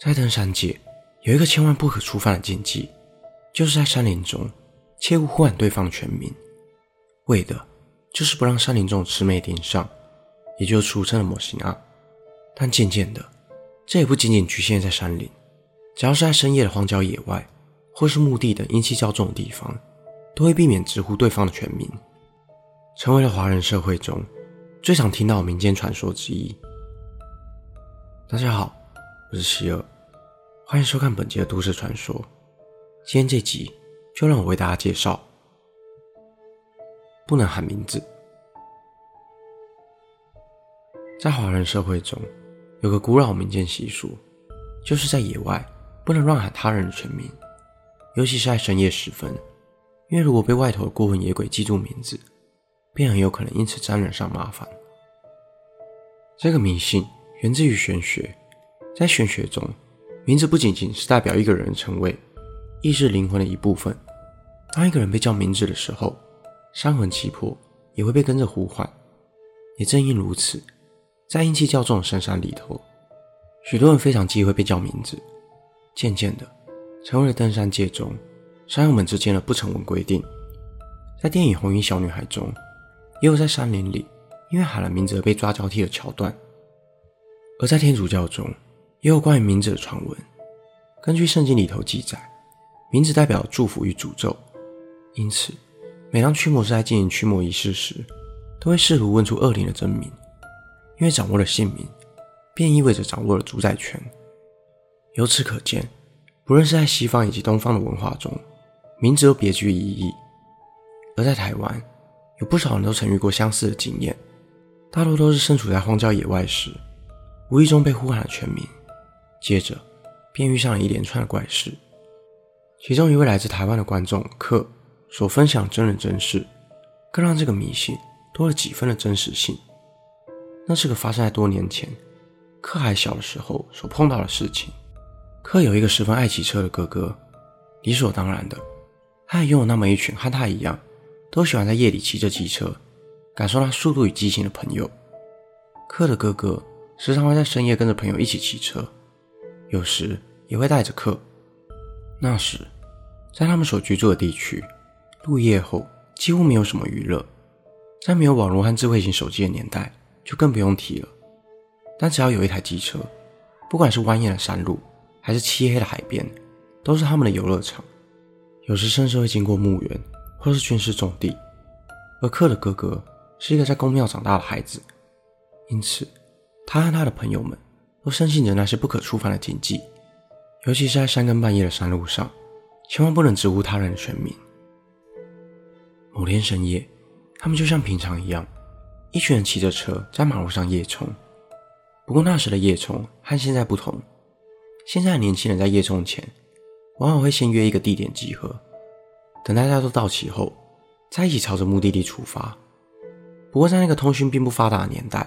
在登山界，有一個千萬不可觸犯的禁忌，就是在山林中，切勿呼喊對方的全名，為的就是不讓山林中的魑魅盯上，也就俗稱的「魔神仔」。但漸漸的，這也不僅僅局限在山林，只要是在深夜的荒郊野外，或是墓地等陰氣較重的地方，都會避免直呼對方的全名，成為了華人社會中最常聽到的民間傳說之一。大家好。我是希爾，歡迎收看本集的都市傳說。今天這集就讓我為大家介紹：不能喊名字。在華人社會中，有個古老民間習俗，就是在野外不能亂喊他人的全名，尤其是在深夜時分，因為如果被外頭的孤魂野鬼記住名字，便很有可能因此沾染上麻煩。這個迷信源自於玄學。在玄學中，名字不僅僅是代表一個人的稱謂，亦是靈魂的一部分。當一個人被叫名字的時候，三魂七魄也會被跟着呼喚。也正因如此，在陰氣較重的深山裡頭，許多人非常忌諱被叫名字，漸漸的成為了登山界中山友們之間的不成文規定。在電影《紅衣小女孩》中，也有在山林裡因為喊了名字而被抓交替的橋段。而在天主教中，也有關於名字的傳聞。根據聖經裡頭記載，名字代表祝福與詛咒，因此每當驅魔師在進行驅魔儀式時，都會試圖問出惡靈的真名，因為掌握了姓名，便意味着掌握了主宰權。由此可見，不論是在西方以及東方的文化中，名字都別具意義。而在台灣，有不少人都曾遇過相似的經驗，大多都是身處在荒郊野外時，無意中被呼喊了全名。接着，便遇上了一連串的怪事。其中一位來自台灣的觀眾克所分享真人真事，更讓這個迷信多了幾分的真實性。那是個發生在多年前，克還小的時候所碰到的事情。克有一個十分愛騎車的哥哥，理所當然的，他也擁有那麼一群和他一樣，都喜歡在夜裡騎着機車，感受那速度與激情的朋友。克的哥哥時常會在深夜跟着朋友一起騎車。有時也會帶着克。那時，在他們所居住的地區，入夜後幾乎沒有什麼娛樂，在沒有網絡和智慧型手機的年代，就更不用提了。但只要有一台機車，不管是蜿蜒的山路，還是漆黑的海邊，都是他們的遊樂場。有時甚至會經過墓園或是軍事重地。而克的哥哥是一個在公廟長大的孩子，因此他和他的朋友們。都深信着那是不可觸犯的禁忌，尤其是在三更半夜的山路上，千萬不能直呼他人的全名。某天深夜，他們就像平常一樣，一群人騎着車在馬路上夜衝。不過那時的夜衝和現在不同，現在的年輕人在夜衝前往往會先約一個地點集合，等大家都到齊後，再一起朝着目的地出發。不過在那個通訊並不發達的年代，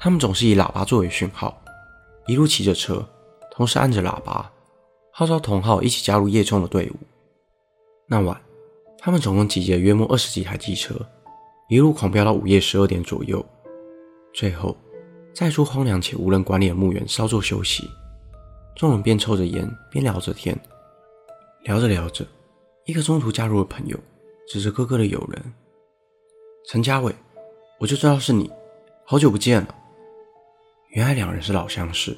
他們總是以喇叭作為訊號。一路騎着車，同時按着喇叭，號召同好一起加入夜衝的隊伍。那晚，他們總共集結約莫二十幾台機車，一路狂飆到午夜十二點左右。最後，在一處荒涼且無人管理的墓園稍作休息，眾人邊抽着煙邊聊着天。聊着聊着，一個中途加入的朋友指着哥哥的友人陳家偉：“我就知道是你，好久不見了。”原來兩人是老相識，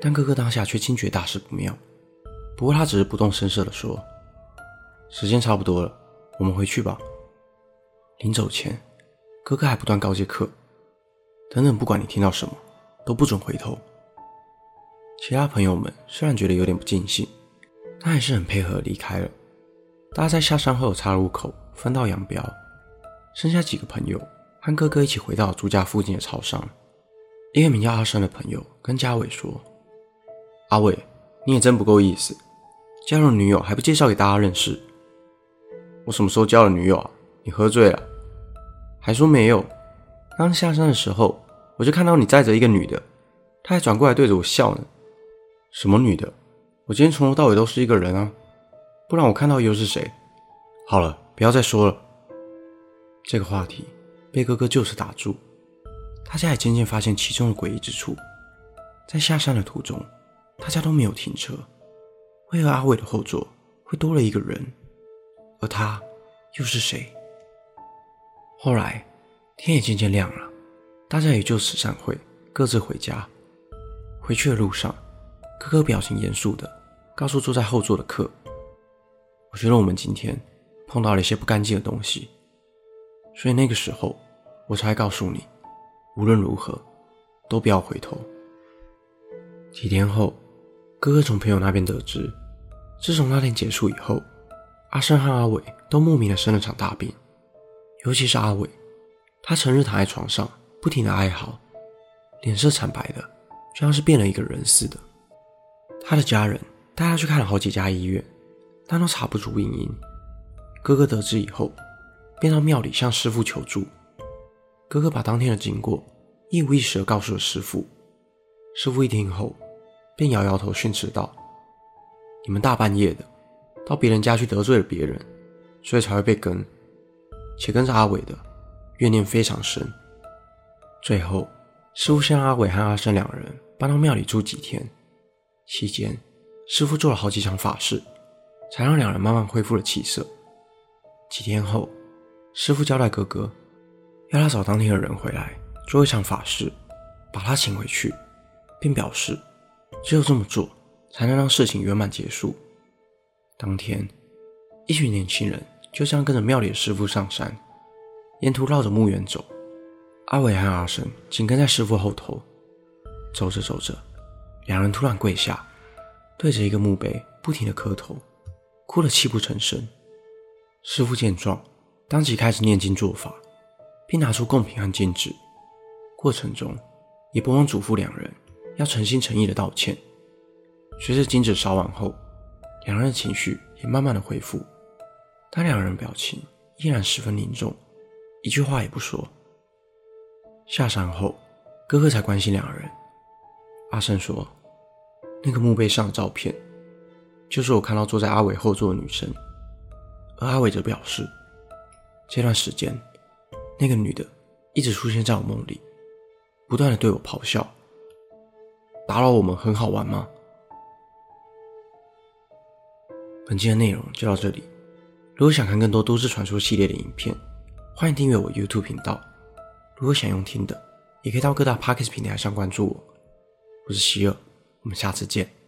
但哥哥當下卻驚覺大事不妙。不過他只是不動聲色地說：“時間差不多了，我們回去吧。”臨走前，哥哥還不斷告誡客：“等等，不管你聽到什麼，都不准回頭。”其他朋友們雖然覺得有點不盡興，但還是很配合離開了。大家在下山後岔路口分道揚鑣，剩下幾個朋友和哥哥一起回到住家附近的草上。一個名叫阿山的朋友跟嘉偉說：“阿偉，你也真不夠意思，交了女友還不介紹給大家認識。我什麼時候交了女友啊？你喝醉了，還說沒有。剛下山的時候，我就看到你載着一個女的，她還轉過來對着我笑呢。什麼女的？我今天從頭到尾都是一個人啊，不然我看到又是誰？好了，不要再說了，這個話題，被哥哥就此打住。”大家也漸漸發現其中的詭異之處。在下山的途中，大家都沒有停車，為何阿偉的後座會多了一個人？而他又是誰？後來，天也漸漸亮了，大家也就此散會，各自回家。回去的路上，哥哥表情嚴肅的告訴坐在後座的客：“我覺得我們今天碰到了一些不乾淨的東西，所以那個時候我才告訴你。”無論如何，都不要回頭。幾天後，哥哥從朋友那邊得知，自從那天結束以後，阿生和阿偉都莫名的生了場大病，尤其是阿偉，他成日躺在床上，不停的哀嚎，臉色慘白的，就像是變了一個人似的。他的家人帶他去看了好幾家醫院，但都查不出病因。哥哥得知以後，便到廟裡向師父求助。哥哥把當天的經過一五一十的告訴了師父。師父一聽後，便搖搖頭訓斥道：“你們大半夜的，到別人家去得罪了別人，所以才會被跟，且跟着阿偉的怨念非常深。”最後，師父先讓阿偉和阿勝兩人搬到廟裡住幾天，期間師父做了好幾場法事，才讓兩人慢慢恢復了氣色。幾天後，師父交代哥哥，要他找當天的人回來做一場法事，把他請回去，並表示只有這麼做才能讓事情圓滿結束。當天，一群年輕人就這樣跟着廟裡的師傅上山，沿途繞着墓園走。阿偉和阿生緊跟在師傅後頭。走着走着，兩人突然跪下，對着一個墓碑不停地磕頭，哭得泣不成聲。師傅見狀，當即開始念經做法。並拿出貢品和金紙，過程中也不忘囑咐兩人要誠心誠意的道歉。隨着金紙燒完後，兩人的情緒也慢慢的恢復，但兩人表情依然十分凝重，一句話也不說。下山後，哥哥才關心兩人。阿勝說：“那個墓碑上的照片，就是我看到坐在阿偉後座的女生。”而阿偉則表示：“這段時間。”那個女的一直出現在我夢裡，不斷地對我咆哮。打擾我們很好玩嗎？本期的內容就到這裡。如果想看更多都市傳說系列的影片，歡迎訂閱我 YouTube 頻道。如果想用聽的，也可以到各大 Podcast 平台上關注我。我是希爾，我們下次見。